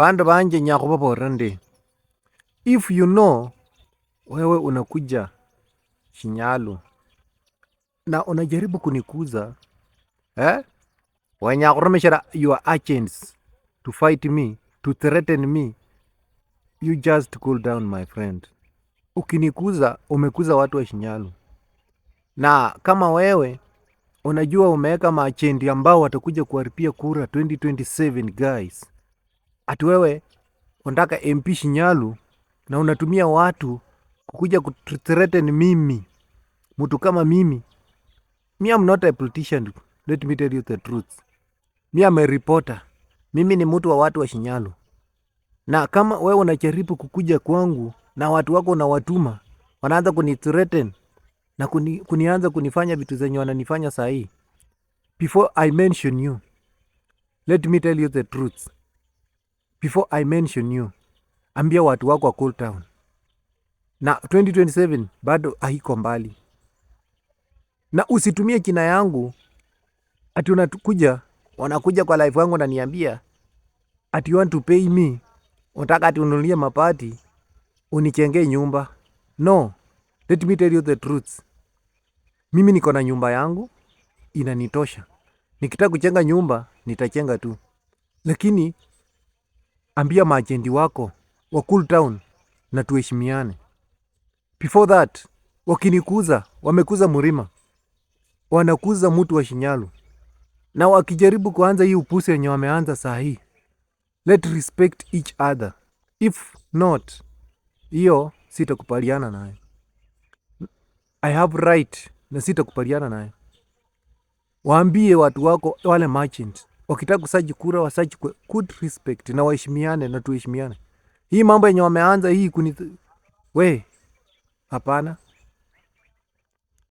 Bandu banje nyakubaborera ndi if you know wewe unakuja Shinyalu na unajaribu kunikuza eh? wanyakurumishira your agents to fight me to threaten me you just cool down my friend. Ukinikuza umekuza watu wa Shinyalu, na kama wewe unajua umeweka maachendi ambao watakuja kuharibia kura 2027 guys ati wewe unataka MP Shinyalu na unatumia watu kukuja kuthreaten mimi, mtu kama mimi. Me am not a politician, let me tell you the truth. Me am a reporter. Mimi ni mtu wa watu wa Shinyalu, na kama wewe unajaribu kukuja kwangu na watu wako unawatuma wanaanza kunithreaten na kuni, kunianza kunifanya vitu zenye wananifanya saa hii. Before I mention you, let me tell you the truth before I mention you. Ambia watu wako wa Cool Town na 2027 bado haiko mbali, na usitumie kina yangu ati unakuja, wanakuja kwa live yangu naniambia ati you want to pay me, unataka ati ununulie mapati unichengee nyumba. No, let me tell you the truth. Mimi niko na nyumba yangu inanitosha. Nikitaka kuchenga nyumba nitachenga tu, lakini ambia majendi wako wa cool town na tuheshimiane. Before that wakinikuza, wamekuza Murima, wanakuza mtu wa Shinyalu, na wakijaribu kuanza hii upusi yenye wameanza saa hii, let respect each other, if not hiyo sitakubaliana naye I have right na sitakubaliana naye. Waambie watu wako wale merchants wakitaka kusaji kura wasaji kwa good respect na waheshimiane na tuheshimiane. Hii mambo yenye wameanza hii kuni we, hapana.